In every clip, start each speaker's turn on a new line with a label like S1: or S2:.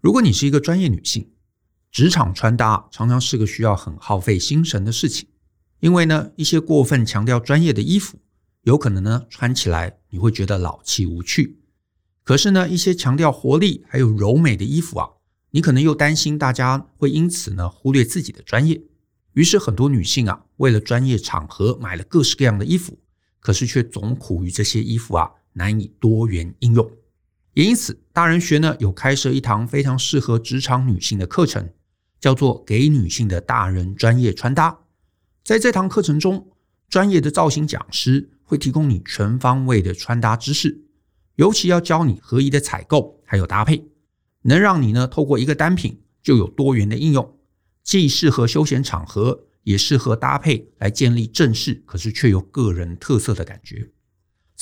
S1: 如果你是一個專業女性，職場穿搭常常是個需要很耗費心神的事情，因為呢，一些過分強調專業的衣服，有可能呢穿起來你會覺得老氣無趣。可是呢，一些強調活力還有柔美的衣服啊，你可能又擔心大家會因此呢忽略自己的專業。於是很多女性啊，為了專業場合買了各式各樣的衣服，可是卻總苦於這些衣服啊難以多元應用。也因此，大人學呢有開設一堂非常適合職場女性的課程，叫做《給女性的大人專業穿搭》。在這堂課程中，專業的造型講師會提供你全方位的穿搭知識，尤其要教你合宜的採購，還有搭配，能讓你呢透過一個單品就有多元的應用，既適合休閒場合，也適合搭配來建立正式，可是卻有個人特色的感覺。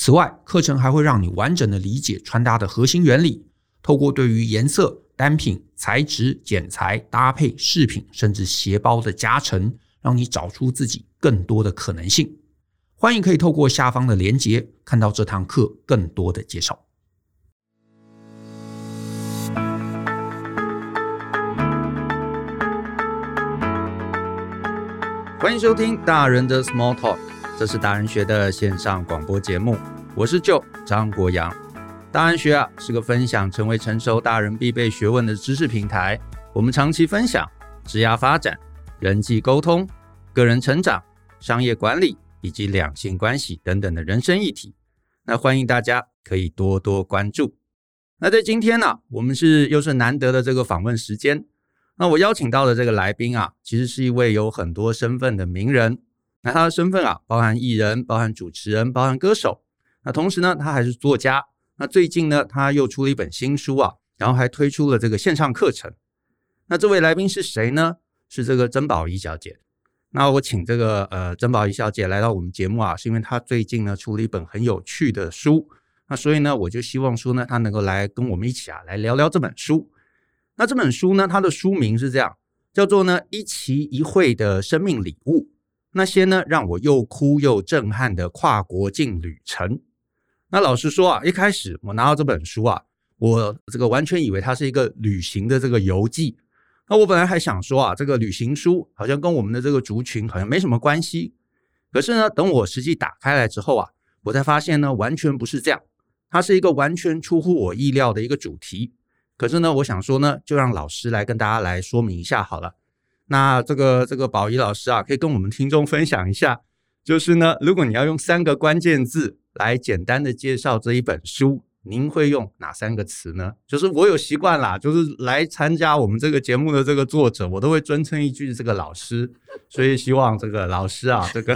S1: 此外，課程還會讓你完整地理解穿搭的核心原理，透過對於顏色、單品、材質、剪裁、搭配、飾品，甚至鞋包的加成，讓你找出自己更多的可能性。歡迎可以透過下方的鏈接，看到這堂課更多的介紹。歡迎收聽大人的 Small Talk。這是大人學的線上廣播節目，我是 Joe，張國陽。大人學啊，是個分享成為成熟大人必備學問的知識平台。我們長期分享職業發展、人際溝通、個人成長、商業管理以及兩性關係等等的人生議題。那歡迎大家可以多多關注。那在今天呢，啊，我們是又是難得的這個訪問時間。那我邀請到的這個來賓啊，其實是一位有很多身份的名人。那他的身份啊，包含藝人，包含主持人，包含歌手。那同時呢，他還是作家。那最近呢，他又出了一本新書啊，然後還推出了這個線上課程。那這位來賓是誰呢？是這個曾寶儀小姐。那我請這個呃曾寶儀小姐來到我們節目啊，是因為她最近呢出了一本很有趣的書。那所以呢，我就希望說呢，她能夠來跟我們一起啊，來聊聊這本書。那這本書呢，它的書名是這樣，叫做呢《一期一會的生命禮物》。那些呢，讓我又哭又震撼的跨國境旅程。那老實說啊，一開始我拿到這本書啊，我這個完全以為它是一個旅行的這個遊記。那我本來還想說啊，這個旅行書好像跟我們的這個族群好像沒什麼關係。可是呢，等我實際打開來之後啊，我才發現呢，完全不是這樣。它是一個完全出乎我意料的一個主題。可是呢，我想說呢，就讓老師來跟大家來說明一下好了。那這個這個寶儀老師啊，可以跟我們聽眾分享一下，就是呢，如果你要用三個關鍵字來簡單的介紹這一本書，您會用哪三個詞呢？就是我有習慣啦、啊，就是來參加我們這個節目的這個作者，我都會尊稱一句這個老師，所以希望這個老師啊，這個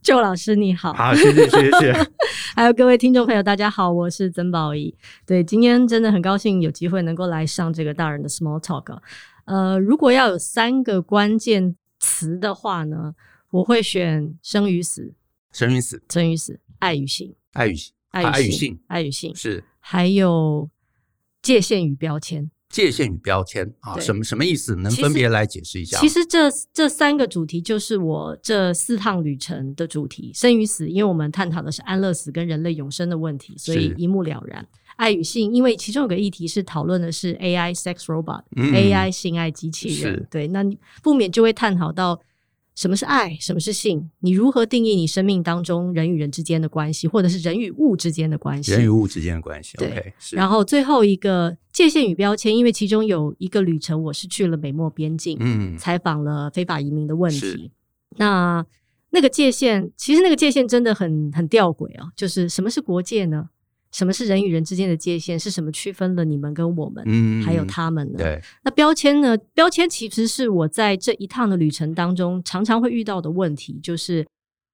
S2: 就老師你好，好謝謝謝謝，謝謝 還有各位聽眾朋友大家好，我是曾寶儀，對，今天真的很高興有機會能夠來上這個大人的 small talk。呃，如果要有三個關鍵詞的話呢，我會選生與死、
S1: 生與死、
S2: 生與死、愛與性、
S1: 愛與，愛與性、啊、愛與性、愛與性是，
S2: 還有界限與標籤、
S1: 界限與標籤啊，什麼什麼意思？對能分別來解釋一下其其實
S2: 這這三個主題就是我這四趟旅程的主題。生與死，因為我們探討的是安樂死跟人類永生的問題，所以一目了然。愛與性，因為其中有個議題是討論的是 AI sex robot，AI、嗯嗯、性愛機器人。是對，那你不免就會探討到什麼是愛，什麼是性，你如何定義你生命當中人與人之間的關係，或者是人與物之間的關係？人與物
S1: 之間的關係，對。Okay, 是然
S2: 後最後一個界限與標籤，因為其中有一個旅程，我是去了美墨邊境，嗯，採訪了非法移民的問題。是那那個界限，其實那個界限真的很很吊詭哦、啊，就是什麼是國界呢？什麼是人與人之間的界限？是什麼區分了你們跟我們，嗯、還有他們呢？對，那標籤呢？標籤其實是我在這一趟的旅程當中常常會遇到的問題，就是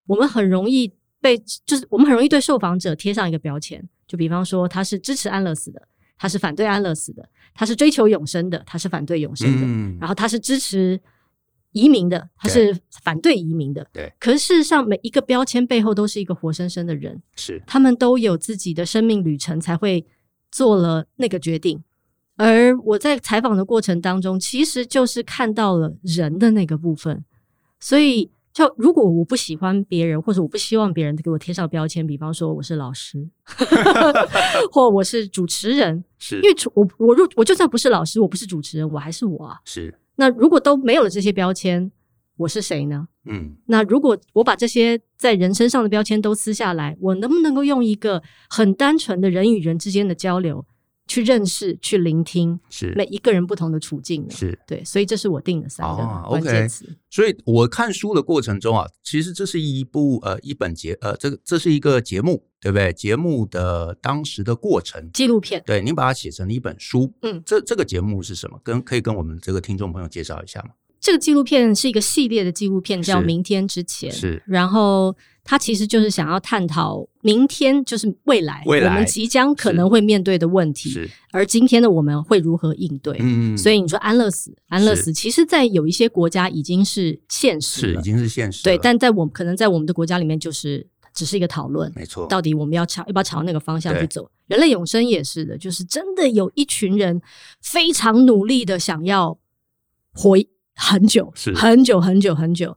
S2: 我們很容易被，就是我們很容易對受訪者貼上一個標籤，就比方說他是支持安樂死的，他是反對安樂死的，他是追求永生的，他是反對永生的，嗯、然後他是支持。移民的，他是反對移民的。對，對，可是事實上每一個標籤背後都是一個活生生的人，是他們都有自己的生命旅程，才會做了那個決定。而我在採訪的過程當中，其實就是看到了人的那個部分。所以，就如果我不喜歡別人，或者我不希望別人給我貼上標籤，比方說我是老師， 或我是主持人，是因為我我我就算不是老師，我不是主持人，我還是我啊。是。那如果都沒有了這些標籤，我是誰呢？嗯，那如果我把這些在人身上的標籤都撕下來，我能不能夠用一個很單純的人與人之間的交流？去認識，去聆聽，是每一個人不同的處境的，是，對，所以這是我定的三個關鍵詞。Oh, okay.
S1: 所以我看書的過程中啊，其實這是一部呃一本節呃這個這是一個節目，對不對？節目的當時的過程，紀錄片，對，你把它寫成了一本書。嗯，這這個節目是什麼？跟可以跟我們這個聽眾朋友介紹一下嗎？
S2: 這個紀錄片是一個系列的紀錄片，叫《明天之前》是。是，然後它其實就是想要探討明天，就是未來，未來我們即將可能會面對的問題。是，是而今天的我們會如何應對？嗯，所以你說安樂死，安樂死，是其實，在有一些國家已經是現實了，是已經是現實了。對，但在我們可能在我們的國家裡面，就是只是一個討論。沒錯，到底我們要朝要不要朝那個方向去走？對人類永生也是的，就是真的有一群人非常努力的想要回。很久，是很久很久很久。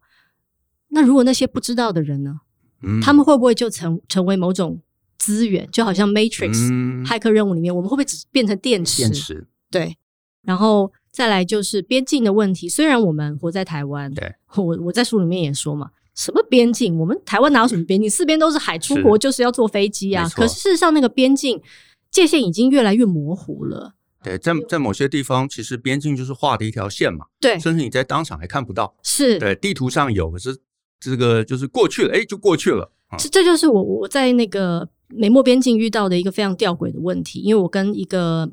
S2: 那如果那些不知道的人呢？嗯、他們會不會就成成為某種資源？就好像 Matrix，嗯《Matrix》駭客任務裡面，我們會不會只變成電池？電池對。然後再來就是邊境的問題。雖然我們活在台灣，對，我我在書裡面也說嘛，什麼邊境？我們台灣哪有什麼邊境？嗯、四邊都是海，出國是就是要坐飛機啊。錯可是事實上，那個邊境界限已經越來越模糊
S1: 了。對，在在某些地方，其實邊境就是畫的一條線嘛。對，甚至你在當場還看不到。是。對，地圖上有，可是這個就是過去了，哎，就過去了。這、嗯、這就
S2: 是我我在那個美墨邊境遇到的一個非常吊詭的問題，因為我跟一個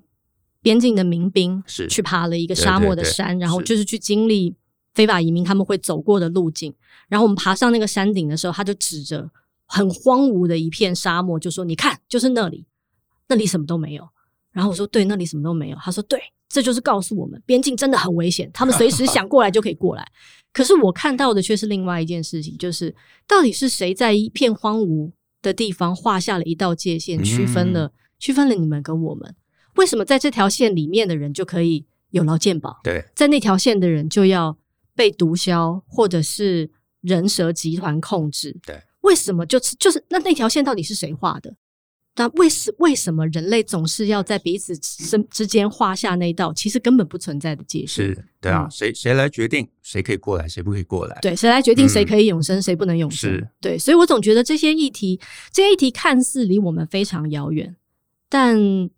S2: 邊境的民兵是去爬了一個沙漠的山，對對對，然後就是去經歷非法移民他們會走過的路徑。是然後我們爬上那個山頂的時候，他就指着很荒蕪的一片沙漠，就說：“你看，就是那裡，那裡什麼都沒有。”然後我說：“對，那裡什麼都沒有。”他說：“對，這就是告訴我們，邊境真的很危險，他們隨時想過來就可以過來。 可是我看到的卻是另外一件事情，就是到底是誰在一片荒蕪的地方畫下了一道界限，區分了、嗯、區分了你們跟我們？為什麼在這條線裡面的人就可以有勞健保？對，在那條線的人就要被毒梟或者是人蛇集團控制？對，為什麼就是就是那那條線到底是誰畫的？”但為什為什麼人類總是要在彼此身之間畫下那道其實根本不存在的界線？是
S1: 對啊，誰誰、嗯、來決定誰可以過來，誰不可以過來？對，誰來決定誰可
S2: 以永生，誰、嗯、不能永生？是對，所以我總覺得這些議題，這些議題看似離我們非常遙遠，但嗯，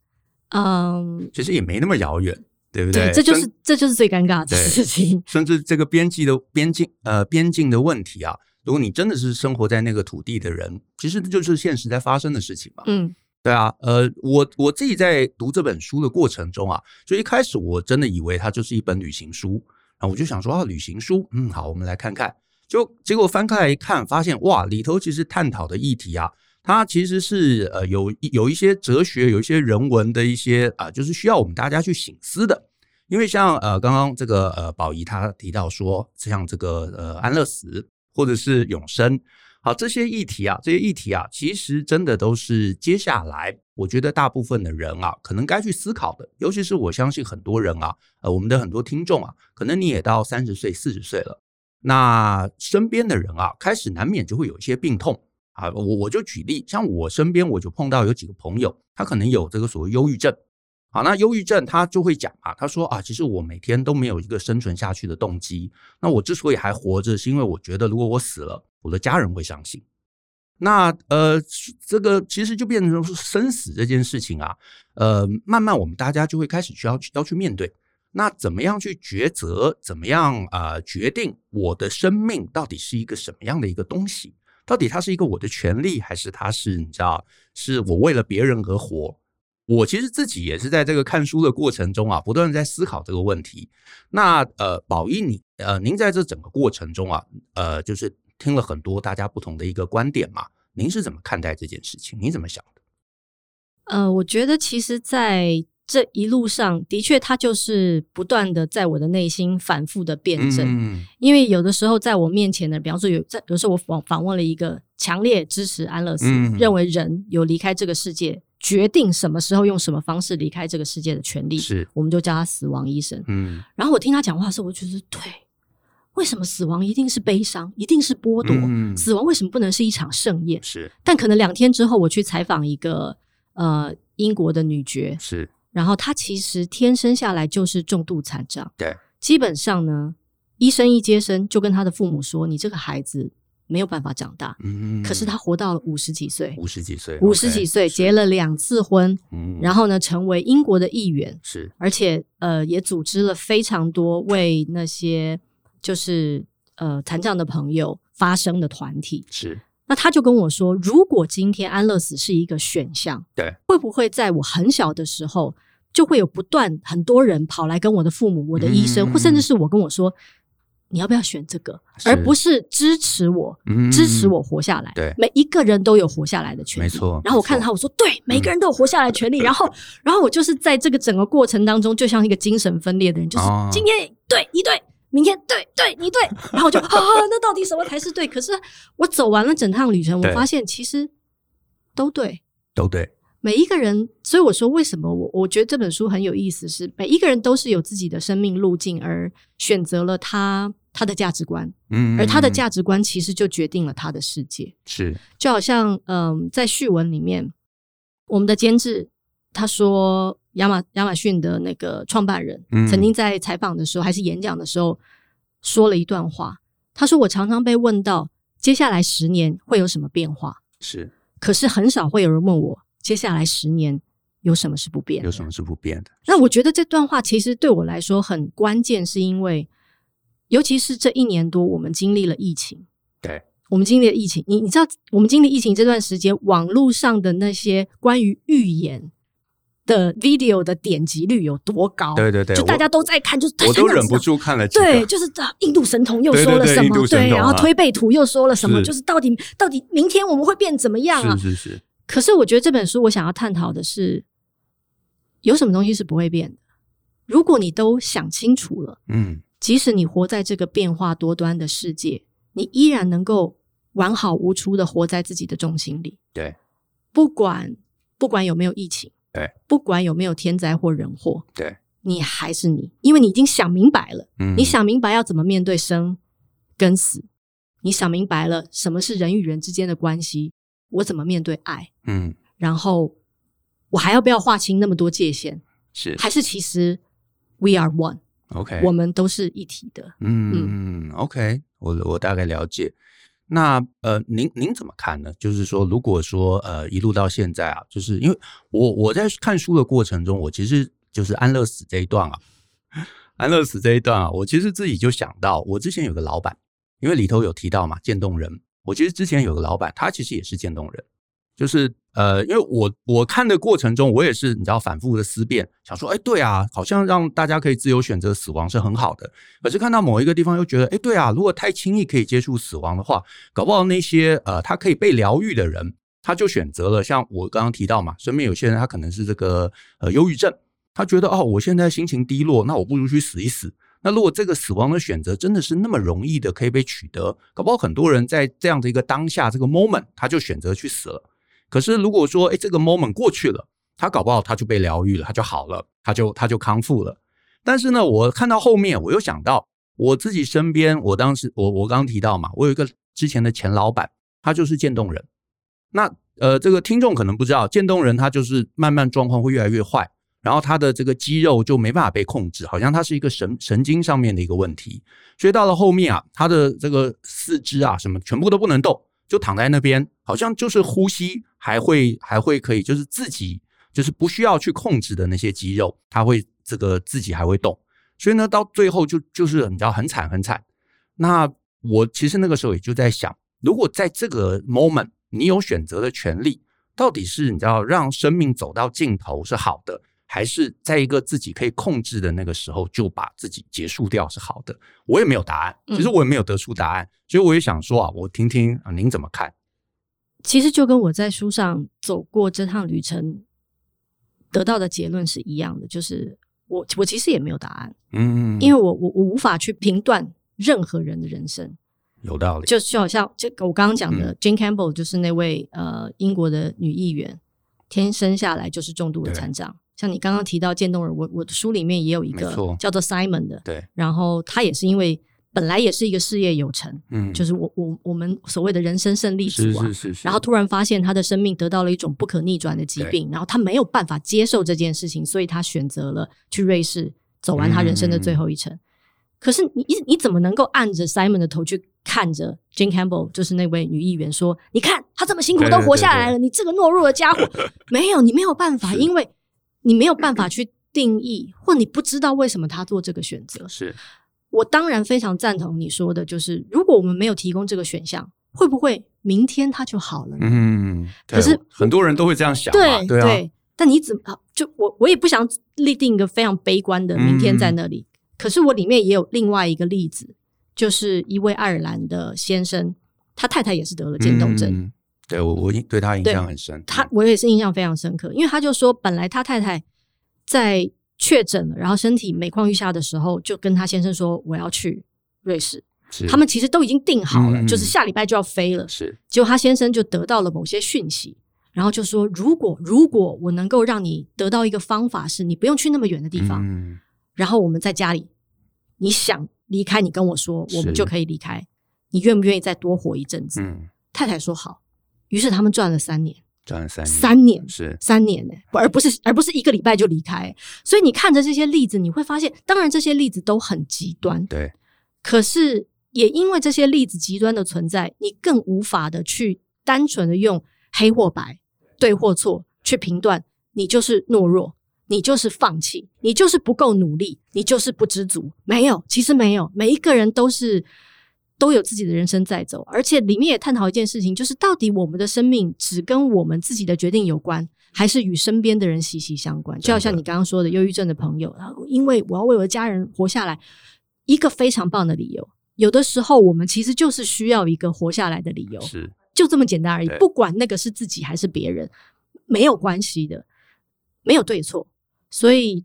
S2: 呃、
S1: 其實也沒那麼遙遠，對不對？對這就是
S2: 算這就是最尷尬的事情，
S1: 甚至這個邊際的邊境呃邊境的問題啊，如果你真的是生活在那個土地的人，其實就是現實在發生的事情嘛。嗯，對啊。呃，我我自己在讀這本書的過程中啊，就一開始我真的以為它就是一本旅行書，然、啊、後我就想說啊，旅行書，嗯，好，我們來看看。就結果翻開來一看，發現哇，裡頭其實探討的議題啊，它其實是呃有有一些哲學、有一些人文的一些啊、呃，就是需要我們大家去省思的。因為像呃剛剛這個呃寶儀他提到說，像這個呃安樂死。或者是永生，好，這些議題啊，這些議題啊，其實真的都是接下來，我覺得大部分的人啊，可能該去思考的。尤其是我相信很多人啊，呃，我們的很多聽眾啊，可能你也到三十歲、四十歲了，那身邊的人啊，開始難免就會有一些病痛啊。我我就舉例，像我身邊我就碰到有幾個朋友，他可能有這個所謂憂鬱症。好，那憂鬱症他就會講啊，他說啊，其實我每天都沒有一個生存下去的動機。那我之所以還活着，是因為我覺得如果我死了，我的家人會傷心。那呃，這個其實就變成是生死這件事情啊，呃，慢慢我們大家就會開始需要要去面對。那怎麼樣去抉擇？怎麼樣啊，呃，決定我的生命到底是一個什麼樣的一個東西？到底它是一個我的權利，還是它是你知道，是我為了別人而活？我其實自己也是在這個看書的過程中啊，不斷在思考這個問題。那呃，寶儀你，你呃，您在這整個過程中啊，呃，就是聽了很多大家不同的一個觀點嘛，您是怎麼看待這件事情？你怎麼想的？
S2: 呃，我覺得其實，在這一路上，的確，它就是不斷的在我的內心反覆的辯證。嗯、因為有的時候，在我面前呢，比方說有在，有時候我訪訪問了一個強烈支持安樂死，嗯、認為人有離開這個世界。決定什麼時候用什麼方式離開這個世界的權利，是我們就叫他死亡醫生。嗯，然後我聽他講話的時候，我覺得對，為什麼死亡一定是悲傷，一定是剝奪？嗯，死亡為什麼不能是一場盛宴？是，但可能兩天之後，我去採訪一個呃英國的女爵，是，然後她其實天生下來就是重度殘障，對，基本上呢，醫生一接生就跟她的父母說，你這個孩子。沒有辦法長大，嗯嗯嗯可是他活到了五十幾歲，五
S1: 十幾歲，五十幾
S2: 歲 OK, 結了兩次婚，是然後呢，成為英國的議員，是，而且呃，也組織了非常多為那些就是呃殘障的朋友發聲的團體，是。那他就跟我說，如果今天安樂死是一個選項，對，會不會在我很小的時候就會有不斷很多人跑來跟我的父母、我的醫生，嗯嗯嗯嗯或甚至是我跟我說。你要不要選這個，而不是支持我，支持我活下來。對，每一個人都有活下來的權利，沒錯。然後我看到他，我說：“對，每一個人都有活下來的權利。”然後，然後我就是在這個整個過程當中，就像一個精神分裂的人，就是今天對一對，明天對對一對，然後我就那到底什麼才是對？可是我走完了整趟旅程，我發現其實都對，都對。每一個人，所以我說為什麼我我覺得這本書很有意思，是每一個人都是有自己的生命路徑，而選擇了他，他的價值觀，嗯，而他的價值觀其實就決定了他的世界，是就好像嗯，在序文裡面，我們的監制他說，亞馬亞馬遜的那個創辦人曾經在採訪的時候，嗯、還是演講的時候說了一段話，他說：“我常常被問到接下來十年會有什麼變化，是，可是很少會有人問我接下來十年有什麼是不變
S1: 的，有什麼是不變的。”
S2: 那我覺得這段話其實對我來說很關鍵，是因為。尤其是這一年多，我們經歷了疫情，對，我們經歷了疫情。你你知道，我們經歷疫情這段時間，網絡上的那些關於預言的 video 的點擊率有多高？對對對，就大家都在看，我，就是我都忍不
S1: 住看了幾遍。對，
S2: 就是、啊、印度神童又說了什麼？對對對，啊，對，然後推背圖又說了什麼？是，就是到底到底明天我們會變怎麼樣啊？是是是。可是我覺得這本書，我想要探討的是，有什麼東西是不會變的？如果你都想清楚了，嗯。即使你活在這個變化多端的世界，你依然能夠完好無缺的活在自己的中心裡。對，不管不管有沒有疫情，對，不管有沒有天災或人禍，對，你還是你，因為你已經想明白了。嗯，你想明白要怎麼面對生跟死，你想明白了什麼是人與人之間的關係，我怎麼面對愛？嗯，然後我還要不要劃清那麼多界限？
S1: 是，還是
S2: 其實 we are one。OK，我們都是一體的。
S1: 嗯，OK，我我大概了解。嗯。那呃，您您怎麼看呢？就是說，如果說呃，一路到現在啊，就是因為我我在看書的過程中，我其實就是安樂死這一段啊，安樂死這一段啊，我其實自己就想到，我之前有個老板，因為裡頭有提到嘛，漸凍人，我其實之前有個老板，他其實也是漸凍人。就是呃，因為我我看的過程中，我也是你知道反覆的思辨，想說，欸，對啊，好像讓大家可以自由選擇死亡是很好的。可是看到某一個地方，又覺得，欸，對啊，如果太輕易可以接觸死亡的話，搞不好那些呃，他可以被療癒的人，他就選擇了，像我剛剛提到嘛，身邊有些人他可能是這個呃憂鬱症，他覺得哦，我現在心情低落，那我不如去死一死。那如果這個死亡的選擇真的是那麼容易的可以被取得，搞不好很多人在這樣的一個當下這個 moment，他就選擇去死了。可是如果說哎，這個 moment 過去了，他搞不好他就被療癒了，他就好了，他就他就康復了。但是呢，我看到後面，我又想到我自己身邊，我當時我我剛提到嘛，我有一個之前的前老闆，他就是漸凍人。那呃，這個聽眾可能不知道，漸凍人他就是慢慢狀況會越來越壞，然後他的這個肌肉就沒辦法被控制，好像他是一個神神經上面的一個問題。所以到了後面啊，他的這個四肢啊什麼全部都不能動。就躺在那邊，好像就是呼吸還會還會可以，就是自己就是不需要去控制的那些肌肉，它會這個自己還會動，所以呢，到最後就就是你知道很慘很慘。那我其實那個時候也就在想，如果在這個 moment 你有選擇的權利，到底是你知道讓生命走到盡頭是好的？還是在一個自己可以控制的那個時候，就把自己結束掉是好的，我也沒有答案，其實我也沒有得出答案，所以、嗯、我也想說啊，我聽聽、啊、您怎麼看？
S2: 其實就跟我在書上走過這趟旅程得到的結論是一樣的，就是我我其實也沒有答案，
S1: 嗯，因為我
S2: 我我無法去評斷任何人的人生。
S1: 有道理。就
S2: 就好像就我剛剛講的、嗯，Jane Campbell 就是那位呃英國的女議員，天生下來就是重度的殘障。像你剛剛提到漸凍人，我我的書裡面也有一個叫做 Simon 的，對，然後他也是因為本來也是一個事業有成，嗯，就是我我我們所謂的人生勝利組、啊，是,是是是，然後突然發現他的生命得到了一種不可逆轉的疾病，對然後他沒有辦法接受這件事情，所以他選擇了去瑞士走完他人生的最後一程。嗯嗯、可是你你你怎麼能夠按着 Simon 的頭去看着 Jane Campbell，就是那位女議員說，你看他這麼辛苦都活下來了，對對對對你這個懦弱的家伙， 沒有你沒有辦法，因為。你沒有辦法去定義，或你不知道為什麼他做這個選擇。是。我當然非常贊同你說的，就是如果我們沒有提供這個選項，會不會明天他就好了呢？嗯，
S1: 對，可是很多人都會這樣想。對對、對啊、對，
S2: 但你怎麼就我我也不想立定一個非常悲觀的明天在那裡。嗯嗯，可是我裡面也有另外一個例子，就是一位愛爾蘭的先生，他太太也是得了漸凍症。
S1: 嗯嗯對我，我印對他印象很深。他
S2: 我也是印象非常深刻，因為他就說，本來他太太在確診了，然後身體每況愈下的時候，就跟他先生說：“我要去瑞士。是”他們其實都已經訂好了，嗯嗯就是下禮拜就要飛了。是結果他先生就得到了某些訊息，然後就說：“如果如果我能夠讓你得到一個方法，是你不用去那麼遠的地方，嗯、然後我們在家裡，你想離開，你跟我說，我們就可以離開。是你願不願意再多活一陣子？”嗯、太太說：“好。”於是他們賺了三
S1: 年，賺了三年，三年是三
S2: 年呢、欸，而不是而不是一個禮拜就離開、欸。所以你看着這些例子，你會發現，當然這些例子都很極端，嗯、對，可是也因為這些例子極端的存在，你更無法的去單純的用黑或白、對或錯去評斷。你就是懦弱，你就是放棄，你就是不夠努力，你就是不知足。沒有，其實沒有，每一個人都是。都有自己的人生在走，而且裡面也探討一件事情，就是到底我們的生命只跟我們自己的決定有關，還是與身邊的人息息相關？對對對，就好像你剛剛說的，憂鬱症的朋友，因為我要為我的家人活下來，一個非常棒的理由。有的時候，我們其實就是需要一個活下來的理由，是 就這麼簡單而已。對 不管那個是自己還是別人，沒有關係的，沒有對錯，所以。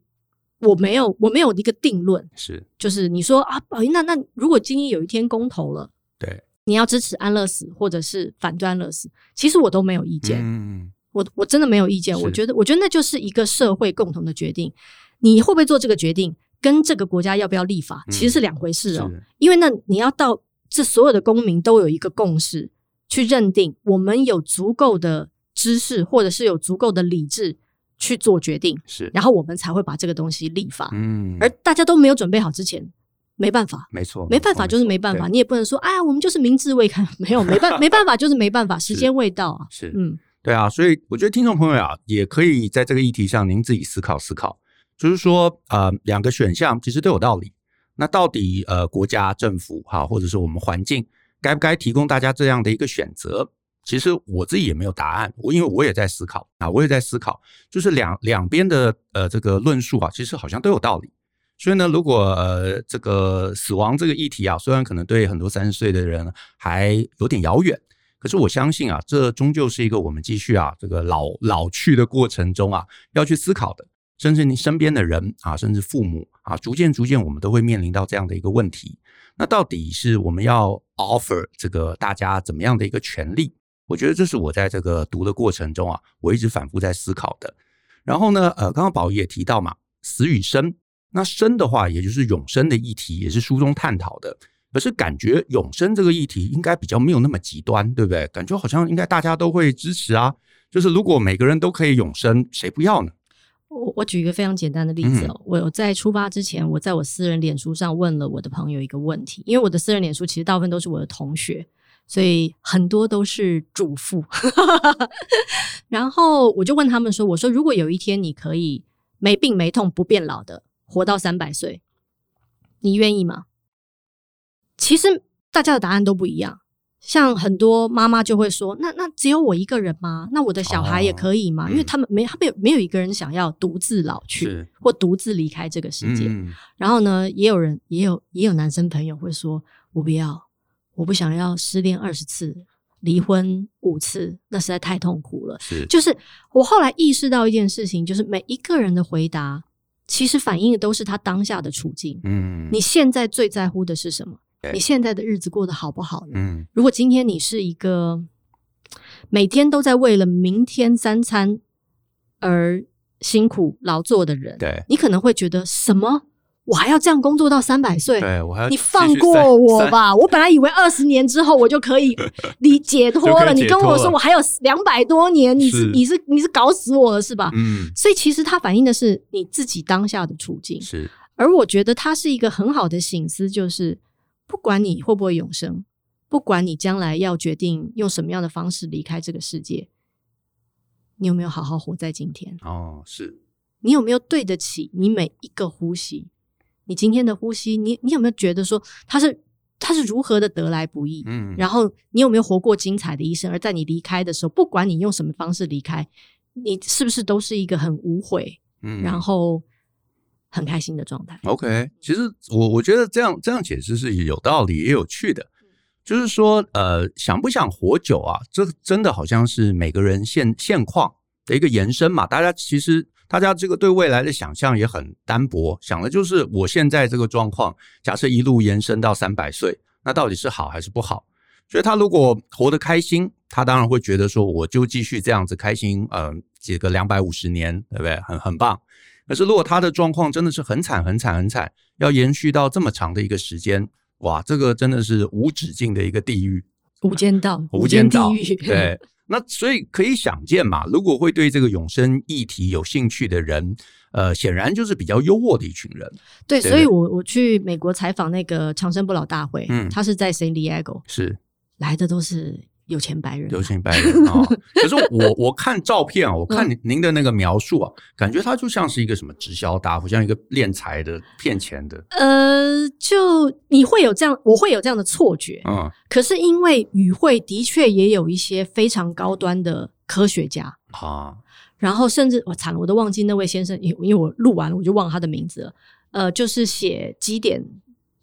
S2: 我沒有，我沒有一個定論，是，就是你說啊，哦、那那如果今天有一天公投了，對，你要支持安樂死或者是反對安樂死，其實我都沒有意見，嗯、我我真的沒有意見，是我覺得，我覺得那就是一個社會共同的決定，是你會不會做這個決定，跟這個國家要不要立法其實是兩回事哦，嗯、因為那你要到這所有的公民都有一個共識，去認定我們有足夠的知識，或者是有足夠的理智。去做決定是，然後我們才會把這個東西立法。嗯，而大家都沒有準備好之前，沒辦法，
S1: 沒錯，沒錯，沒辦
S2: 法就是沒辦法。你也不能說，哎呀，我們就是民智未開，沒有，沒辦 沒辦法就是沒辦法，時間未到啊。是，是嗯，
S1: 對啊，所以我覺得聽眾朋友啊，也可以在這個議題上，您自己思考思考，就是說，啊、呃，兩個選項其實都有道理。那到底呃，國家政府哈、啊，或者是我們環境，該不該提供大家這樣的一個選擇？其實我自己也沒有答案，我因為我也在思考啊，我也在思考，就是兩兩邊的呃、這個論述啊，其實好像都有道理。所以呢，如果呃、這個死亡這個議題啊，雖然可能對很多三十歲的人還有點遙遠，可是我相信啊，這終究是一個我們繼續啊這個老老去的過程中啊要去思考的，甚至你身邊的人啊，甚至父母啊，逐漸逐漸我們都會面臨到這樣的一個問題。那到底是我們要 offer 這個大家怎麼樣的一個權利？我覺得這是我在這個讀的過程中啊，我一直反覆在思考的。然後呢，呃，剛剛寶儀也提到嘛，死與生，那生的話，也就是永生的議題，也是書中探討的。可是感覺永生這個議題應該比較沒有那麼極端，對不對？感覺好像應該大家都會支持啊。就是如果每個人都可以永生，誰不要呢？
S2: 我我舉一個非常簡單的例子哦，嗯，我在出發之前，我在我私人臉書上問了我的朋友一個問題，因為我的私人臉書其實大部分都是我的同學。所以很多都是主婦， 然後我就問他們說：“我說如果有一天你可以沒病沒痛、不變老的活到三百歲，你願意嗎？”其實大家的答案都不一樣。像很多媽媽就會說：“那那只有我一個人嗎？那我的小孩也可以嗎？”哦嗯、因為他們沒他們沒有一個人想要獨自老去是或獨自離開這個世界。嗯、然後呢，也有人也有也有男生朋友會說：“我不要。”我不想要失戀二十次，離婚五次，那實在太痛苦了。是，就是我後來意識到一件事情，就是每一個人的回答，其實反映的都是他當下的處境。嗯，你現在最在乎的是什麼？對你現在的日子過得好不好呢？嗯，如果今天你是一個每天都在為了明天三餐而辛苦勞作的人，對你可能會覺得什麼？我還要這樣工作到三百歲，你放過我吧！塞 我本來以為二十年之後我就可以 你解脫了，了你跟我說我還有兩百多年，是你是你是你是搞死我了是吧？嗯，所以其實它反映的是你自己當下的處境，是。而我覺得它是一個很好的省思，就是不管你會不會永生，不管你將來要決定用什麼樣的方式離開這個世界，你有沒有好好活在今天？
S1: 哦，是
S2: 你有沒有對得起你每一個呼吸？你今天的呼吸，你你有沒有覺得說他是他是如何的得來不易？嗯，然後你有沒有活過精彩的一生？而在你離開的時候，不管你用什麼方式離開，你是不是都是一個很無悔，嗯，然後很開心的狀態
S1: ？OK，其實我我覺得這樣這樣解釋是有道理也有趣的，嗯，就是說呃，想不想活久啊？這真的好像是每個人現現況的一個延伸嘛？大家其實。大家這個對未來的想象也很單薄想的就是我現在這個狀況，假設一路延伸到三百歲，那到底是好還是不好？所以他如果活得開心，他當然會覺得說，我就繼續這樣子開心，嗯、呃，幾個兩百五十年，對不對？很很棒。可是如果他的狀況真的是很慘、很慘、很慘，要延續到這麼長的一個時間，哇，這個真的是無止境的一個地獄。
S2: 無間道，無間地獄。對，
S1: 那所以可以想見嘛， 如果會對這個永生議題有興趣的人，呃，顯然就是比較優渥的一群人。對，對對對。
S2: 所以我我去美國採訪那個長生不老大會，嗯，他是在 San Diego，是來的都是，有錢白人，有
S1: 錢白人啊！啊、 可是我我看照片啊，我看您的那個描述啊，嗯、感覺他就像是一個什麼直銷大戶，像一個斂財的、騙錢的。
S2: 呃，就你會有這樣，我會有這樣的錯覺。嗯，可是因為與會的確也有一些非常高端的科學家啊，嗯、然後甚至我慘了，我都忘記那位先生，因因為我錄完了，我就忘了他的名字了。呃，就是寫幾點。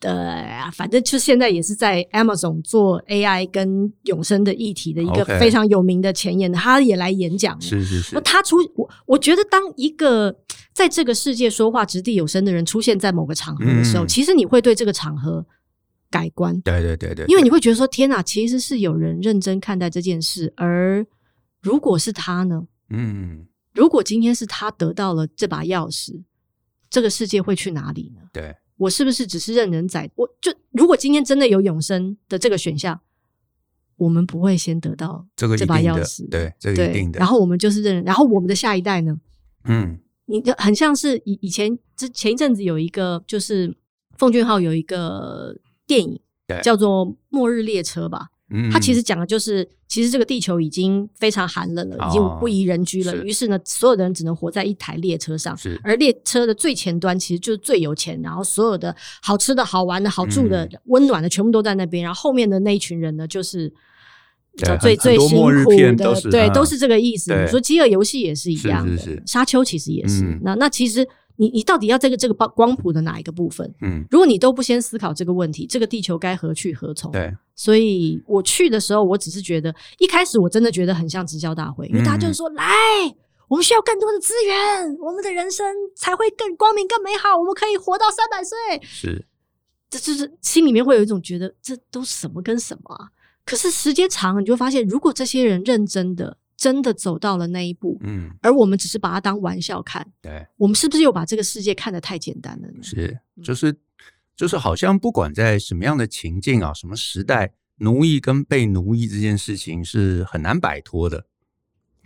S2: 啊、呃，反正就現在也是在 Amazon 做 AI 跟永生的議題的一個非常有名的前沿的，okay, 他也來演講了，是是是。那他出我，我覺得當一個在這個世界說話擲地有聲的人出現在某個場合的時候，嗯嗯，其實你會對這個場合改觀。對對對對，對。因為你會覺得說，天哪、啊，其實是有人認真看待這件事。而如果是他呢？嗯，嗯。如果今天是他得到了這把鑰匙，這個世界會去哪裡呢？對。我是不是只是任人宰？我就如果今天真的有永生的這個選項，我們不會先得到這把鑰匙，
S1: 對，這個、一定的。然後我
S2: 們就是任人，然後我們的下一代呢？嗯，你就很像是以以前之前一陣子有一個就是奉俊昊有一個電影對叫做《末日列車》吧。他其實講的就是，其實這個地球已經非常寒冷了，已經不宜人居了。於是呢，所有的人只能活在一台列車上，而列車的最前端其實就是最有錢，然後所有的好吃的好玩的好住的溫暖的全部都在那邊。然後後面的那一群人呢，就是最最辛苦的，對，都是這個意思。你說《飢餓遊戲》也是一樣的，《沙丘》其實也是。那那其實。你你到底要這個這個光譜的哪一個部分？嗯，如果你都不先思考這個問題，這個地球該何去何從？對，所以我去的時候，我只是覺得一開始我真的覺得很像直銷大會，因為大家就是說，嗯、來，我們需要更多的資源，我們的人生才會更光明、更美好，我們可以活到三百歲。
S1: 是，
S2: 這就是心裡面會有一種覺得這都什麼跟什麼啊。可是時間長了，你就會發現，如果這些人認真的。真的走到了那一步，嗯，而我們只是把它當玩笑看，對，我們是不是又把這個世界看得太簡單了呢？是，
S1: 就是，就是好像不管在什麼樣的情境啊，什麼時代，奴役跟被奴役這件事情是很難擺脫的，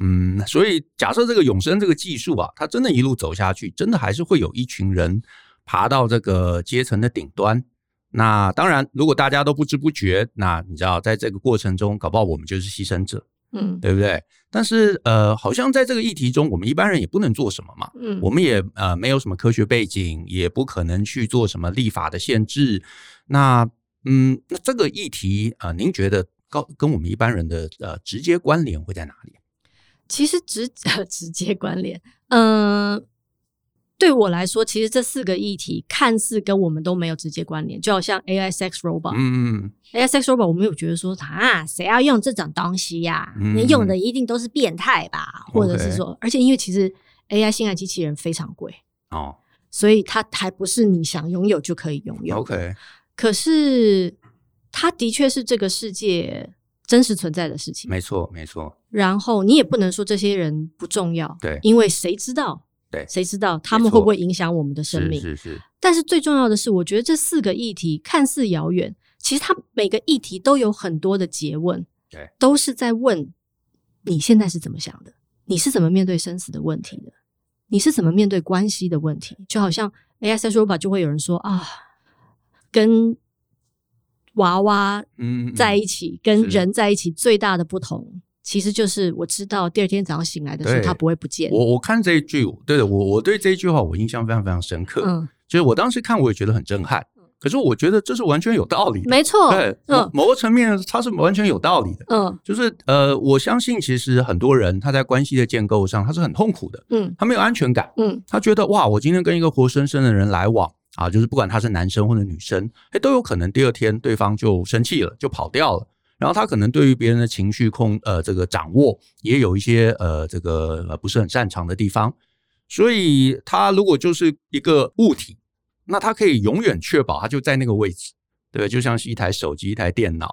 S1: 嗯，所以假設這個永生這個技術啊，它真的一路走下去，真的還是會有一群人爬到這個階層的頂端。那當然，如果大家都不知不覺，那你知道，在這個過程中，搞不好我們就是犧牲者。嗯，對不對？但是呃，好像在這個議題中，我們一般人也不能做什麼嘛。嗯，我們也呃沒有什麼科學背景，也不可能去做什麼立法的限制。那嗯，那這個議題、呃、您覺得跟我們一般人的呃直接關聯會在哪裡？
S2: 其實直、呃、直接關聯，嗯、呃。對我來說，其實這四個議題看似跟我們都沒有直接關聯，就好像 A I sex robot，嗯嗯，A I sex robot，我沒有覺得說啊，誰要用這種東西呀、啊？嗯、你用的一定都是變態吧？嗯、或者是說，Okay. 而且因為其實 A I 性愛機器人非常貴哦，oh. 所以它還不是你想擁有就可以擁有。OK，可是它的確是這個世界真實存在的事情，
S1: 沒錯沒錯。沒
S2: 錯，然後你也不能說這些人不重要，對，因為誰知道。對，誰知道他們會不會影響我們的生命？是是是。但是最重要的是，我覺得這四個議題看似遙遠，其實它每個議題都有很多的詰問，對，都是在問你現在是怎麼想的，你是怎麼面對生死的問題的，你是怎麼面對關係的問題？就好像 AI 三說吧就會有人說啊，跟娃娃嗯在一起，嗯嗯，跟人在一起最大的不同。其實就是我知道，第二天早上醒來的時候，他不會不見。我
S1: 我看這一句，對的，我我對這一句話我印象非常非常深刻。嗯，就是我當時看我也覺得很震撼。嗯，可是我覺得這是完全有道理。沒錯。對，嗯，某個層面它是完全有道理的。嗯，就是呃，我相信其實很多人他在關係的建構上他是很痛苦的。嗯，他沒有安全感。嗯，他覺得哇，我今天跟一個活生生的人來往啊，就是不管他是男生或者女生，誒，都有可能第二天對方就生氣了，就跑掉了。然後他可能對於別人的情緒控呃這個掌握也有一些呃這個呃不是很擅長的地方，所以他如果就是一個物體，那他可以永遠確保他就在那個位置，對，就像是一台手機、一台電腦。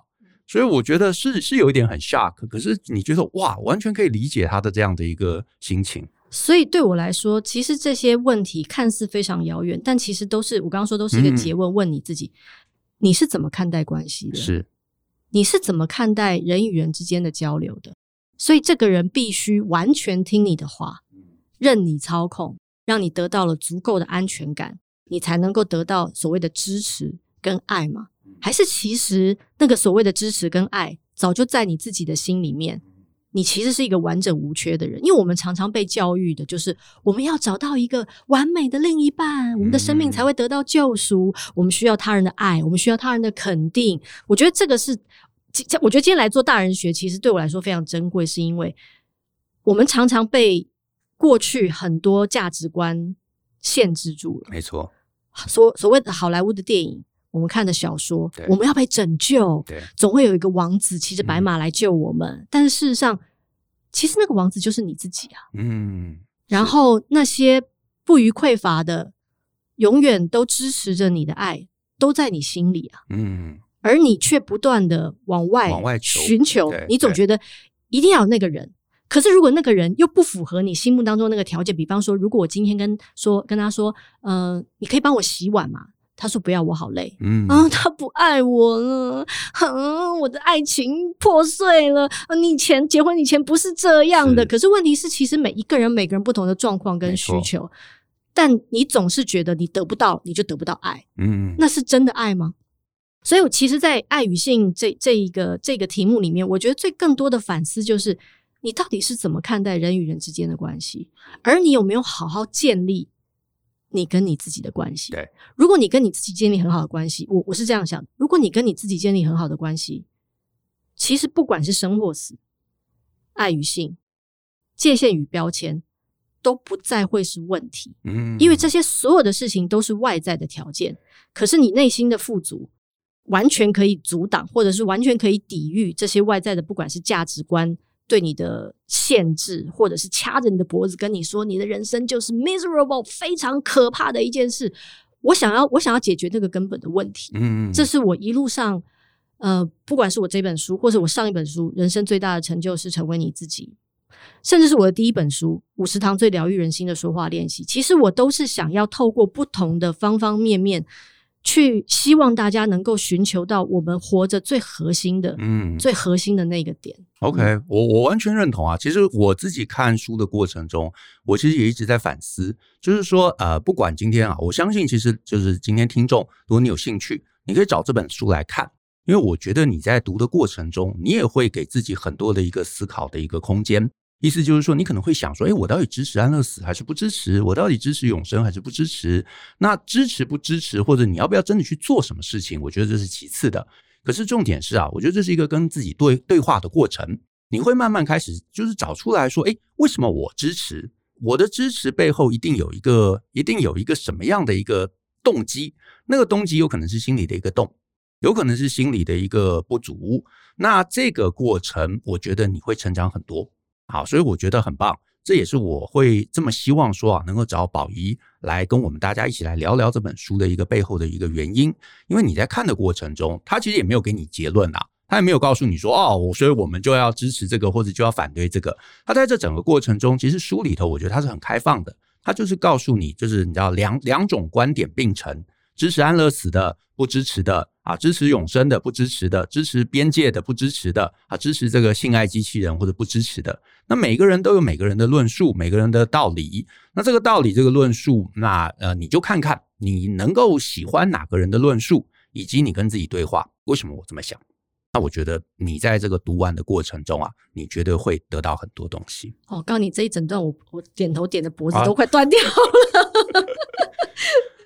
S1: 所以我覺得是是有一點很 shock，可是你覺得哇，完全可以理解他的這樣的一個心情。
S2: 所以對我來說，其實這些問題看似非常遙遠，但其實都是我剛剛說，都是一個結問、嗯、問你自己，你是怎麼看待關係的？是。你是怎麼看待人與人之間的交流的？所以這個人必須完全聽你的話，任你操控，讓你得到了足夠的安全感，你才能夠得到所謂的支持跟愛嗎？還是其實那個所謂的支持跟愛早就在你自己的心裡面？你其實是一個完整無缺的人，因為我們常常被教育的就是我們要找到一個完美的另一半，我們的生命才會得到救贖。嗯、我們需要他人的愛，我們需要他人的肯定。我覺得這個是，我覺得今天來做大人學，其實對我來說非常珍貴，是因為我們常常被過去很多價值觀限制住了。沒錯，所所謂的好萊塢的電影。我們看的小說，對我們要被拯救，對總會有一個王子騎着白馬來救我們。嗯、但是事實上，其實那個王子就是你自己啊。嗯，然後那些不虞匱乏的，是永遠都支持着你的愛，都在你心裡啊。嗯，而你卻不斷的往外尋求，往外求，你總覺得一定要有那個人。可是如果那個人又不符合你心目當中那個條件，比方說，如果我今天跟說跟他說，嗯、呃，你可以幫我洗碗嗎？他說：“不要，我好累，嗯，啊，他不愛我了，哼、啊，我的愛情破碎了。你以前結婚以前不是這樣的，是，可是問題是，其實每一個人，每個人不同的狀況跟需求，沒錯。但你總是覺得你得不到，你就得不到愛，嗯，那是真的愛嗎？所以，我其實，在愛與性這這一個這個題目裡面，我覺得最更多的反思就是，你到底是怎麼看待人與人之間的關係，而你有沒有好好建立？”你跟你自己的關係，對，如果你跟你自己建立很好的關係，我我是這樣想，如果你跟你自己建立很好的關係，其實不管是生或死，愛與性，界限與標籤都不再會是問題，嗯嗯嗯，因為這些所有的事情都是外在的條件，可是你內心的富足，完全可以阻擋，或者是完全可以抵御這些外在的，不管是價值觀。對你的限制，或者是掐着你的脖子跟你說，你的人生就是 miserable，非常可怕的一件事。我想要，我想要解決那個根本的問題。嗯，嗯，嗯。這是我一路上，呃，不管是我這本書，或者我上一本書，人生最大的成就是成為你自己，甚至是我的第一本書《五十堂最療癒人心的說話練習》。其實我都是想要透過不同的方方面面。去希望大家能夠尋求到我們活着最核心的，嗯，最核心的那個點。
S1: 嗯、OK，我我完全認同啊。其實我自己看書的過程中，我其實也一直在反思，就是說，呃，不管今天啊，我相信其實就是今天聽眾，如果你有興趣，你可以找這本書來看，因為我覺得你在讀的過程中，你也會給自己很多的一個思考的一個空間。意思就是說，你可能會想說：“哎、欸，我到底支持安樂死還是不支持？我到底支持永生還是不支持？”那支持不支持，或者你要不要真的去做什麼事情？我覺得這是其次的。可是重點是啊，我覺得這是一個跟自己對對話的過程。你會慢慢開始，就是找出來說：“哎、欸，為什麼我支持？我的支持背後一定有一個，一定有一個什麼樣的一個動機？那個動機有可能是心理的一個洞，有可能是心理的一個不足。那這個過程，我覺得你會成長很多。”好，所以我覺得很棒，這也是我會這麼希望說啊，能夠找寶儀來跟我們大家一起來聊聊這本書的一個背後的一個原因。因為你在看的過程中，他其實也沒有給你結論啊，他也沒有告訴你說，哦，所以我們就要支持這個或者就要反對這個。他在這整個過程中，其實書裡頭我覺得他是很開放的，他就是告訴你，就是你知道兩兩種觀點並存。支持安樂死的，不支持的啊；支持永生的，不支持的；支持邊界的，不支持的啊；支持這個性愛機器人或者不支持的。那每個人都有每個人的論述，每個人的道理。那這個道理，這個論述，那呃，你就看看你能夠喜歡哪個人的論述，以及你跟自己對話，為什麼我這麼想？那我覺得你在這個讀完的過程中啊，你絕對會得到很多東西。哦，
S2: 剛剛你這一整段，我我點頭點的脖子都快斷掉了。啊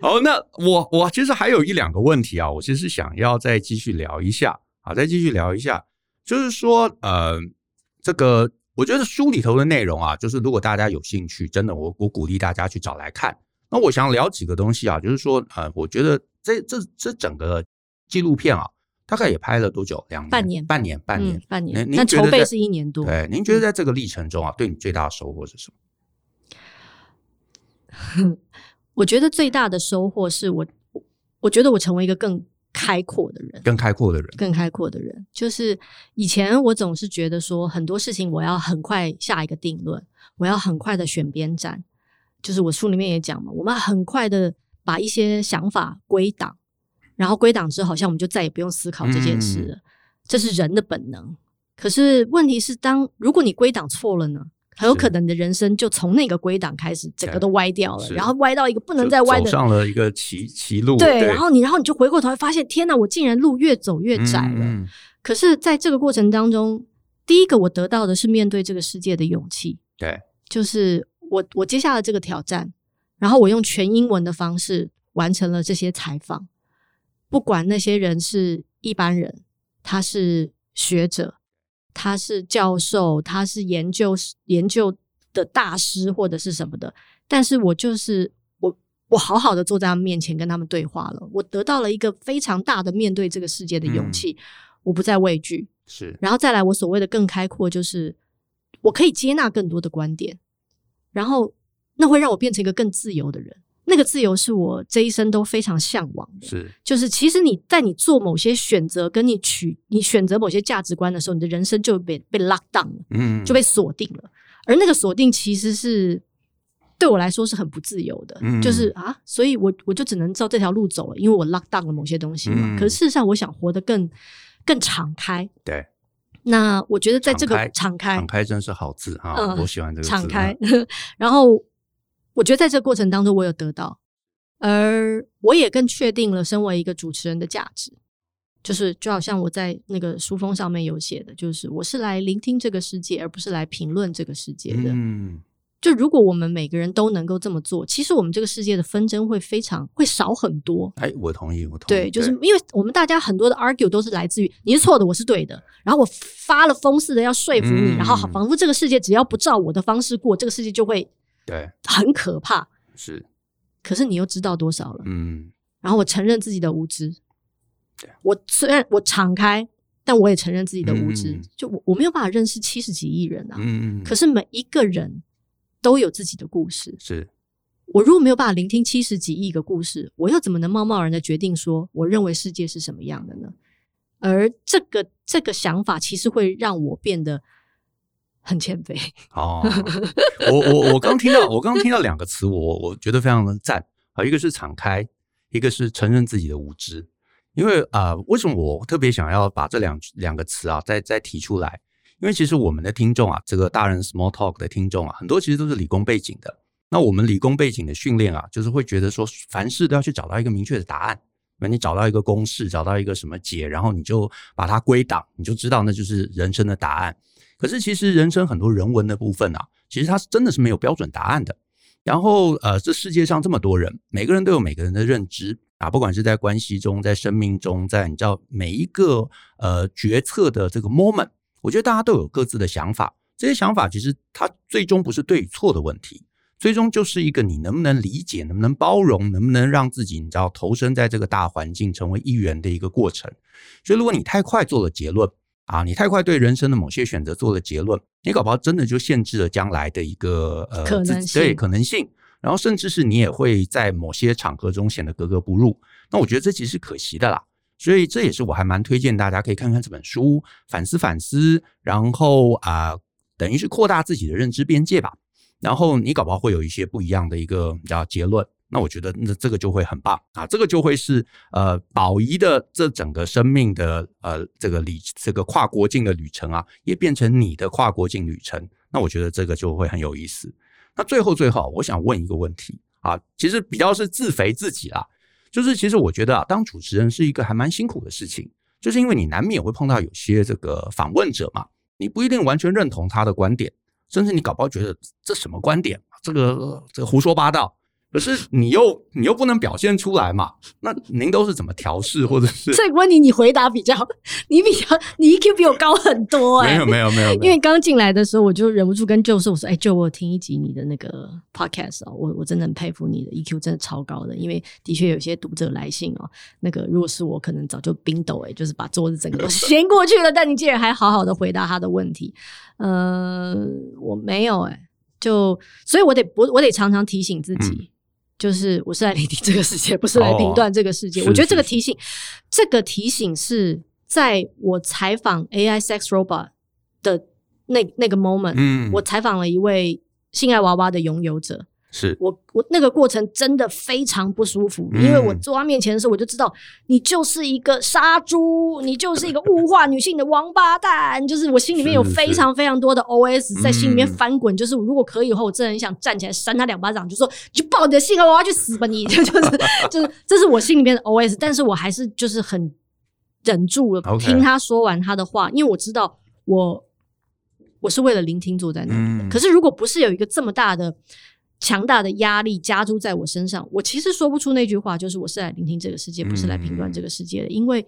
S1: 好，哦，那我我其實還有一兩個問題啊，我其實想要再繼續聊一下啊，再繼續聊一下，就是說，呃，這個我覺得書裡頭的內容啊，就是如果大家有興趣，真的我，我我鼓勵大家去找來看。那我想聊幾個東西啊，就是說，呃，我覺得這這這整個紀錄片啊，大概也拍了多久？兩年？半年，半年，嗯？半年？半年您？半年？那籌備是一年多。對，您覺得在這個歷程中啊，對你最大的收穫是什麼？哼、嗯。
S2: 我覺得最大的收穫是我，我覺得我成為一個更開闊的
S1: 人，更開闊的人，
S2: 更開闊的人。就是以前我總是覺得說很多事情我要很快下一個定論，我要很快的選邊站。就是我書裡面也講嘛，我們很快的把一些想法歸檔，然後歸檔之後，好像我們就再也不用思考這件事了。嗯。這是人的本能。可是問題是當，當如果你歸檔錯了呢？很有可能，你的人生就從那個歸檔開始，整個都歪掉了，是然後歪到一個不能再歪的，走上
S1: 了一個歧歧路。對，對，然後你，
S2: 然後你就回過頭，發現天哪，我竟然路越走越窄了。嗯嗯、可是在這個過程當中，第一個我得到的是面對這個世界的勇氣。對，就是我，我接下了這個挑戰，然後我用全英文的方式完成了這些採訪，不管那些人是一般人，他是學者。他是教授，他是研究研究的大師或者是什麼的，但是我就是我，我好好的坐在他們面前跟他們對話了，我得到了一個非常大的面對這個世界的勇氣，嗯，我不再畏懼，是，然後再來我所謂的更開闊，就是我可以接納更多的觀點，然後那會讓我變成一個更自由的人。那個自由是我這一生都非常嚮往的，是，就是其實你在你做某些選擇，跟你取你選擇某些價值觀的時候，你的人生就被被 lock down 了，嗯，嗯，就被鎖定了，而那個鎖定其實是對我來說是很不自由的，嗯嗯就是啊，所以我我就只能照這條路走了，因為我 lock down 了某些東西嘛。嗯嗯，可是事實上，我想活得更更敞開，對。那我覺得在這個敞開，敞
S1: 開真是好字哈。嗯、我喜歡這個敞開
S2: 然後。我覺得在這個過程當中，我有得到，而我也更確定了身為一個主持人的價值，就是就好像我在那個書封上面有寫的，就是我是來聆聽這個世界，而不是來評論這個世界的。嗯，就如果我們每個人都能夠這麼做，其實我們這個世界的紛爭會非常，會少很多。
S1: 哎，我同意，我同意。
S2: 對，就是因為我們大家很多的 argue 都是來自於你是錯的，對我是對的，然後我發了瘋似的要說服你，嗯、然後仿佛這個世界只要不照我的方式過，這個世界就會。對，很可怕。
S1: 是，可
S2: 是你又知道多少
S1: 了？
S2: 嗯。然後我承認自己的無知。對。我雖然我敞開，但我也承認自己的無知。嗯、就我我沒有辦法認識七十幾億人啊。嗯嗯。可是每一個人都有自己的故事。是。我如果沒有辦法聆聽七十幾億個故事，我又怎麼能貿貿然的決定說，我認為世界是什麼樣的呢？而這個這個想法其實會讓我變得。很謙卑
S1: 哦，我我我剛聽到，我剛聽到兩個詞，我我覺得非常的贊啊，一個是敞開，一個是承認自己的無知。因為啊、呃，為什麼我特別想要把這兩兩個詞啊，再再提出來？因為其實我們的聽眾啊，這個大人 small talk 的聽眾啊，很多其實都是理工背景的。那我們理工背景的訓練啊，就是會覺得說，凡事都要去找到一個明確的答案。那你找到一個公式，找到一個什麼解，然後你就把它歸檔，你就知道那就是人生的答案。可是，其實人生很多人文的部分啊，其實它是真的是沒有標準答案的。然後，呃，這世界上這麼多人，每個人都有每個人的認知啊，不管是在關係中，在生命中，在你知道每一個呃決策的這個 moment，我覺得大家都有各自的想法。這些想法其實它最終不是對錯的問題，最終就是一個你能不能理解、能不能包容、能不能讓自己你知道投身在這個大環境成為一員的一個過程。所以，如果你太快做了結論。啊，你太快對人生的某些選擇做了結論，你搞不好真的就限制了將來的一個呃可能性，自對，可能性，然後甚至是你也會在某些場合中顯得格格不入。那我覺得這其實是可惜的啦，所以這也是我還蠻推薦大家可以看看這本書，反思反思，然後啊、呃，等於是擴大自己的認知邊界吧，然後你搞不好會有一些不一樣的一個叫結論。那我覺得那這個就會很棒啊，這個就會是呃寶儀的這整個生命的呃這個裡，這個跨國境的旅程啊，也變成你的跨國境旅程。那我覺得這個就會很有意思。那最後最後我想問一個問題啊，其實比較是自肥自己啊，就是其實我覺得啊，當主持人是一個還蠻辛苦的事情，就是因為你難免會碰到有些這個訪問者嘛，你不一定完全認同他的觀點，甚至你搞不好覺得這什麼觀點，這個這個胡說八道。可是你又你又不能表現出來嘛？那您都是怎麼調試，或者是這
S2: 個問題你回答比較，你比較，你 EQ 比我高很多誒、欸、 沒有沒有沒有，因為剛進來的時候我就忍不住跟 Joe 說：“我說哎，Joe、欸、我聽一集你的那個 Podcast 啊、哦，我我真的很佩服你的 EQ，真的超高的。因為的確有些讀者來信哦，那個如果是我，可能早就冰抖誒、欸、就是把桌子整個掀過去了。 但你竟然還好好的回答他的問題，嗯、呃、我沒有哎、欸，就所以我，我得我我得常常提醒自己。”嗯就是我是來聆聽這個世界，不是來評斷這個世界。Oh, 我覺得這個提醒，是是，這個提醒是在我採訪 AI sex robot 的那那個 moment，嗯，我採訪了一位性愛娃娃的擁有者。是我我那個過程真的非常不舒服，嗯、因為我坐他面前的時候，我就知道你就是一個殺豬，你就是一個物化女性的王八蛋， 就是我心裡面有非常非常多的 O S 在心裡面翻滾，是是嗯、就是如果可以的話，我真的很想站起來扇他兩巴掌，就說就抱你的性，我要去死吧你， 就是就是這是我心裡面的 O S，但是我還是就是很忍住了 Okay. 聽他說完他的話，因為我知道我我是為了聆聽坐在那，嗯、可是如果不是有一個這麼大的。強大的壓力加諸在我身上，我其實說不出那句話，就是我是來聆聽這個世界，不是來評斷這個世界的。嗯、因為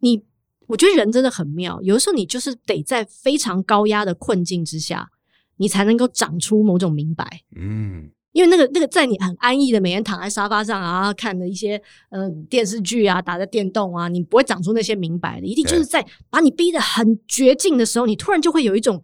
S2: 你，我覺得人真的很妙，有的時候你就是得在非常高壓的困境之下，你才能夠長出某種明白。嗯，因為那個，那個在你很安逸的每天躺在沙發上啊，看的一些嗯、呃、電視劇啊，打的電動啊，你不會長出那些明白的，一定就是在把你逼得很絕境的時候，你突然就會有一種。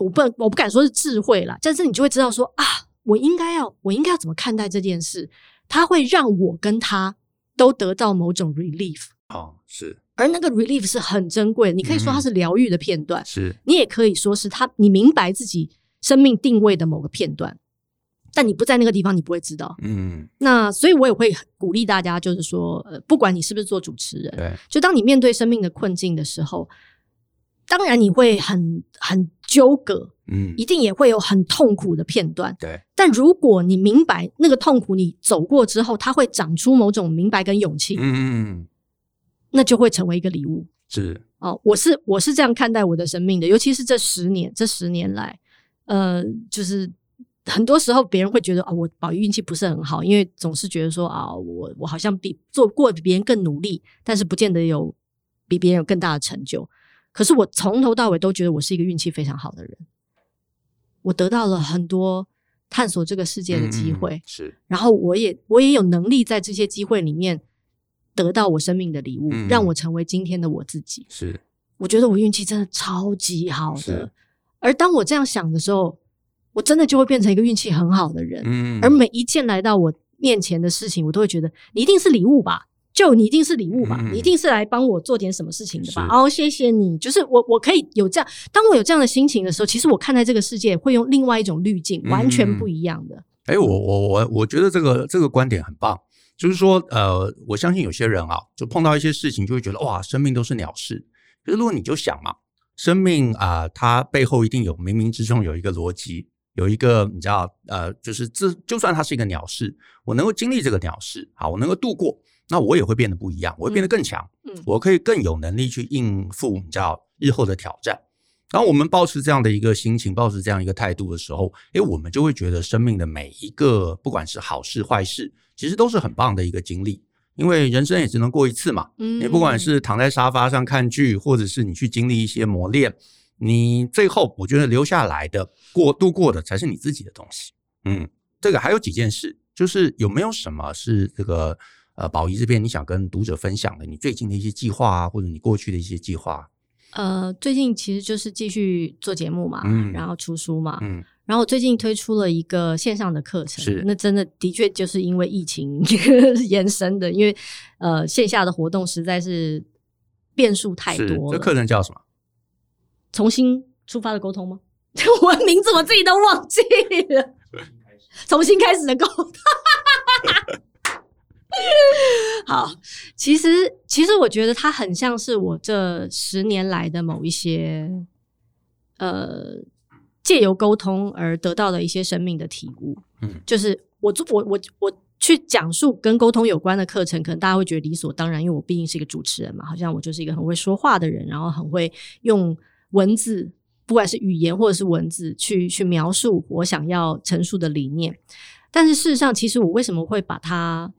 S2: 我不，我不敢說是智慧啦。但是你就會知道說，啊，我應該要，我應該要怎麼看待這件事，它會讓我跟他都得到某種 relief。哦，是，而那個 relief 是很珍貴的。你可以說它是療癒的片段，嗯，是，你也可以說是他，你明白自己生命定位的某個片段，但你不在那個地方，你不會知道。嗯，那所以我也會鼓勵大家，就是說，呃，不管你是不是做主持人，對，就當你面對生命的困境的時候，當然你會很很。糾葛，
S1: 嗯，
S2: 一定也會有很痛苦的片段，嗯、對。但如果你明白那個痛苦，你走過之後，它會長出某種明白跟勇氣，嗯，那就會成為一個禮物。是，哦，我是我是這樣看待我的生命的，尤其是這十年，這十年來，呃，就是很多時候別人會覺得啊，哦，我寶儀運氣不是很好，因為總是覺得說啊，哦，我我好像比做過比別人更努力，但是不見得有比別人有更大的成就。可是我從頭到尾都覺得我是一個運氣非常好的人，我得到了很多探索這個世界的機會，嗯、是，然後我也我也有能力在這些機會裡面得到我生命的禮物，嗯、讓我成為今天的我自己。是，我覺得我運氣真的超級好的。是而當我這樣想的時候，我真的就會變成一個運氣很好的人。嗯、而每一件來到我面前的事情，我都會覺得你一定是禮物吧。就你一定是禮物吧，嗯、你一定是來幫我做點什麼事情的吧。好是，謝謝你。就是我，我可以有這樣，當我有這樣的心情的時候，其實我看待這個世界會用另外一種濾鏡，嗯、完全不一樣的。
S1: 哎、欸，我我我我覺得這個這個觀點很棒，就是說，呃，我相信有些人啊，就碰到一些事情，就會覺得哇，生命都是鳥事。可是如果你就想嘛、啊，生命啊，它背後一定有冥冥之中有一個邏輯，有一個你知道、啊，呃，就是這就算它是一個鳥事，我能夠經歷這個鳥事，好，我能夠度過。那我也會變得不一樣，我會變得更強，嗯，我可以更有能力去應付你知道日後的挑戰。當我們抱持這樣的一個心情，抱持這樣一個態度的時候，誒，我們就會覺得生命的每一個，不管是好事壞事，其實都是很棒的一個經歷。因為人生也只能過一次嘛，嗯，嗯，你不管是躺在沙發上看劇，或者是你去經歷一些磨練，你最後我覺得留下來的、過度過的，才是你自己的東西。嗯，這個還有幾件事，就是有沒有什麼是這個。呃，寶儀這邊，你想跟讀者分享的你最近的一些計劃啊，或者你過去的一些計劃？
S2: 呃，最近其實就是繼續做節目嘛，嗯，然後出書嘛，嗯，然後最近推出了一個線上的課程，是。那真的，的確就是因為疫情延伸的，因為呃線下的活動實在是變數太多。這課程叫什麼？重新出發的溝通嗎？ 我的名字我自己都忘記了。重新開始。重新開始的溝通。 好，其實其實我覺得它很像是我這十年來的某一些呃借由溝通而得到的一些生命的體悟。嗯，就是我我我我去講述跟溝通有關的課程，可能大家會覺得理所當然，因為我畢竟是一個主持人嘛，好像我就是一個很會說話的人，然後很會用文字，不管是語言或者是文字，去去描述我想要陳述的理念。但是事實上，其實我為什麼會把它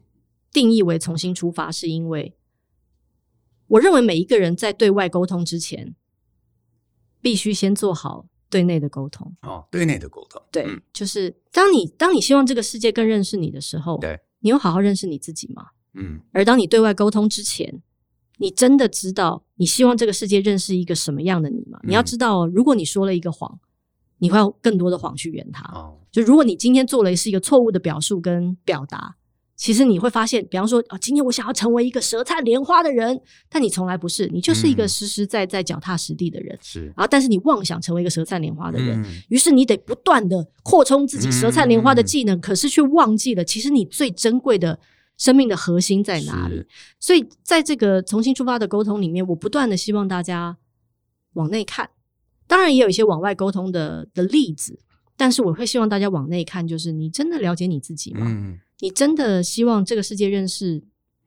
S2: 定義為重新出發，是因為我認為每一個人在對外溝通之前，必須先做好對內的溝通。
S1: 哦、對內的溝通，
S2: 對，嗯、就是當你當你希望這個世界更認識你的時候，對你有好好認識你自己嗎？嗯，而當你對外溝通之前，你真的知道你希望這個世界認識一個什麼樣的你嗎？嗯、你要知道，如果你說了一個謊，你會有更多的謊去圓它。哦、就如果你今天做了是一個錯誤的表述跟表達。其實你會發現，比方說啊、哦，今天我想要成為一個舌燦蓮花的人，但你從來不是，你就是一個實實在在、腳踏實地的人。是、嗯、啊，但是你妄想成為一個舌燦蓮花的人，嗯、於是你得不斷的擴充自己舌燦蓮花的技能，嗯嗯、可是卻忘記了其實你最珍貴的生命的核心在哪裡。是所以在這個重新出發的溝通裡面，我不斷的希望大家往內看，當然也有一些往外溝通的的例子，但是我會希望大家往內看，就是你真的了解你自己嗎？嗯你真的希望這個世界認識，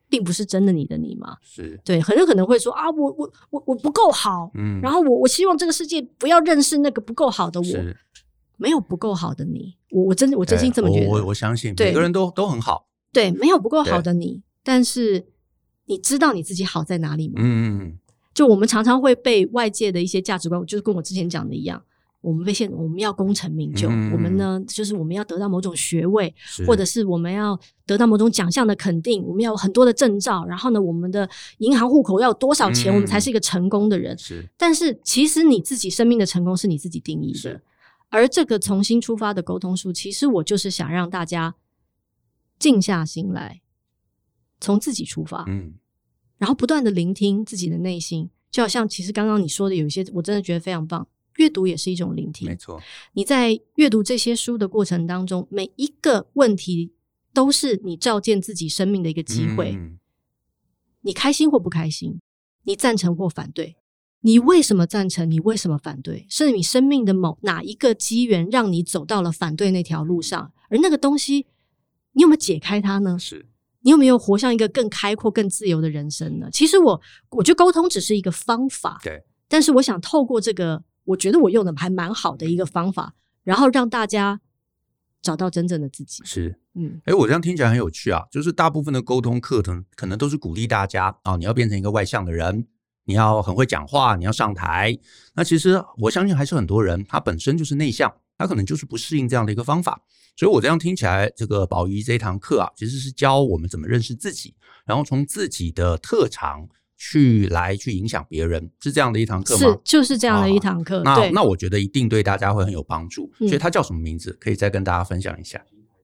S2: 並不是真的你的你嗎？是。對，很有可能會說啊，我我我我不夠好，嗯，然後我我希望這個世界不要認識那個不夠好的我，是沒有不夠好的你，我我真我真心這麼覺得，我
S1: 我相信，對每個人都都很好，
S2: 對，沒有不夠好的你，對但是你知道你自己好在哪裡嗎？
S1: 嗯嗯，
S2: 就我們常常會被外界的一些價值觀，就是跟我之前講的一樣。我們被限，我們要功成名就。嗯、我們呢，就是我們要得到某種學位，是或者是我們要得到某種獎項的肯定。我們要有很多的證照，然後呢，我們的銀行戶口要有多少錢，嗯、我們才是一個成功的人。是，但是其實你自己生命的成功是你自己定義的。是而這個重新出發的溝通術，其實我就是想讓大家靜下心來，從自己出發，嗯，然後不斷的聆聽自己的內心。就好像其實剛剛你說的，有一些我真的覺得非常棒。閱讀也是一種聆聽，沒錯。你在閱讀這些書的過程當中，每一個問題都是你照見自己生命的一個機會。你開心或不開心，你贊成或反對，你為什麼贊成？你為什麼反對？甚至你生命的某哪一個機緣，讓你走到了反對那條路上。而那個東西，你有沒有解開它呢？是。你有沒有活像一個更開闊、更自由的人生呢？其實，我我覺得溝通只是一個方法，對。但是，我想透過這個。我覺得我用的還蠻好的一個方法，然後讓大家
S1: 找到真正的自己。是，嗯，哎，我這樣聽起來很有趣啊！就是大部分的溝通課程可能都是鼓勵大家啊，你要變成一個外向的人，你要很會講話，你要上台。那其實我相信還是很多人他本身就是內向，他可能就是不適應這樣的一個方法。所以我這樣聽起來，這個寶儀這一堂課啊，其實是教我們怎麼認識自己，然後從自己的特長。去來去影響，別人是這樣的一堂課嗎？是
S2: 就是這樣的一堂課、啊。那對那
S1: 我覺得一定對大家會很有幫助。所以它叫什麼名字？嗯、可以再跟大家分享一下。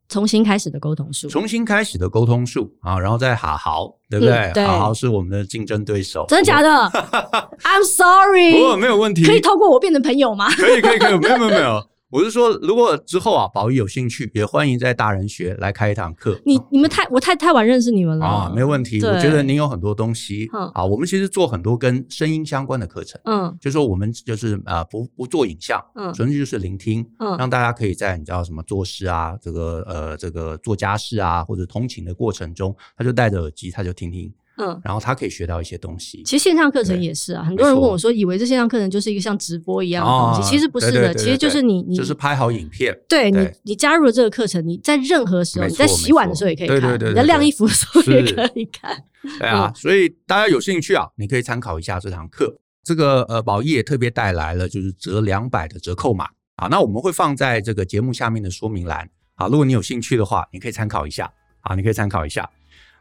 S2: 從心開始的溝通術。從心
S1: 開始的溝通術啊，然後再哈豪，對不對？哈豪、嗯，是我們的競爭對手。真的過假的
S2: ？I'm sorry。不過沒有問題。可以透過我變成朋友嗎？可以可以
S1: 可以，沒有沒有沒有。我是說，如果之後啊，寶儀有興趣，也歡迎在大人學來開一堂課。
S2: 你你們太、嗯、我太太晚認識你們了啊，沒問
S1: 題。對我覺得您有很多東西，嗯、啊，我們其實做很多跟聲音相關的課程，嗯，就說我們就是啊、呃，不不做影像，嗯，純粹就是聆聽，嗯，嗯讓大家可以在你知道什麼做事啊，這個呃這個做家事啊，或者通勤的過程中，他就戴着耳機，他就聽聽。嗯，然後他可以學到一些東西。其
S2: 實線上課程也是啊，很多人問我說，以為這線上課程就是一個像直播一樣的東西，其實不是的，其實就是你，你就是
S1: 拍好影片。對，你
S2: 你加入了這個課程，你在任何時候，你在洗碗的時候也可以看，對對對，你在晾衣服的時候也可以看。
S1: 對啊，所以大家有興趣啊，你可以參考一下這堂課。這個呃，寶儀也特別帶來了就是折兩百的折扣碼啊，那我們會放在這個節目下面的說明欄啊。如果你有興趣的話，你可以參考一下啊，你可以參考一下。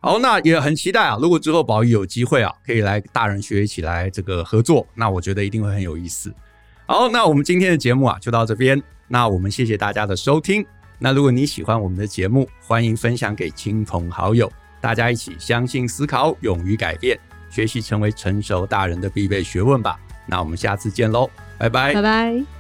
S1: 好，那也很期待啊！如果之後寶儀有機會啊，可以來大人學一起來這個合作，那我覺得一定會很有意思。好，那我們今天的節目啊，就到這邊。那我們謝謝大家的收聽。那如果你喜歡我們的節目，歡迎分享給親朋好友，大家一起相信、思考、勇於改變，學習成為成熟大人的必備學問吧。那我們下次見嘍，拜拜，拜拜。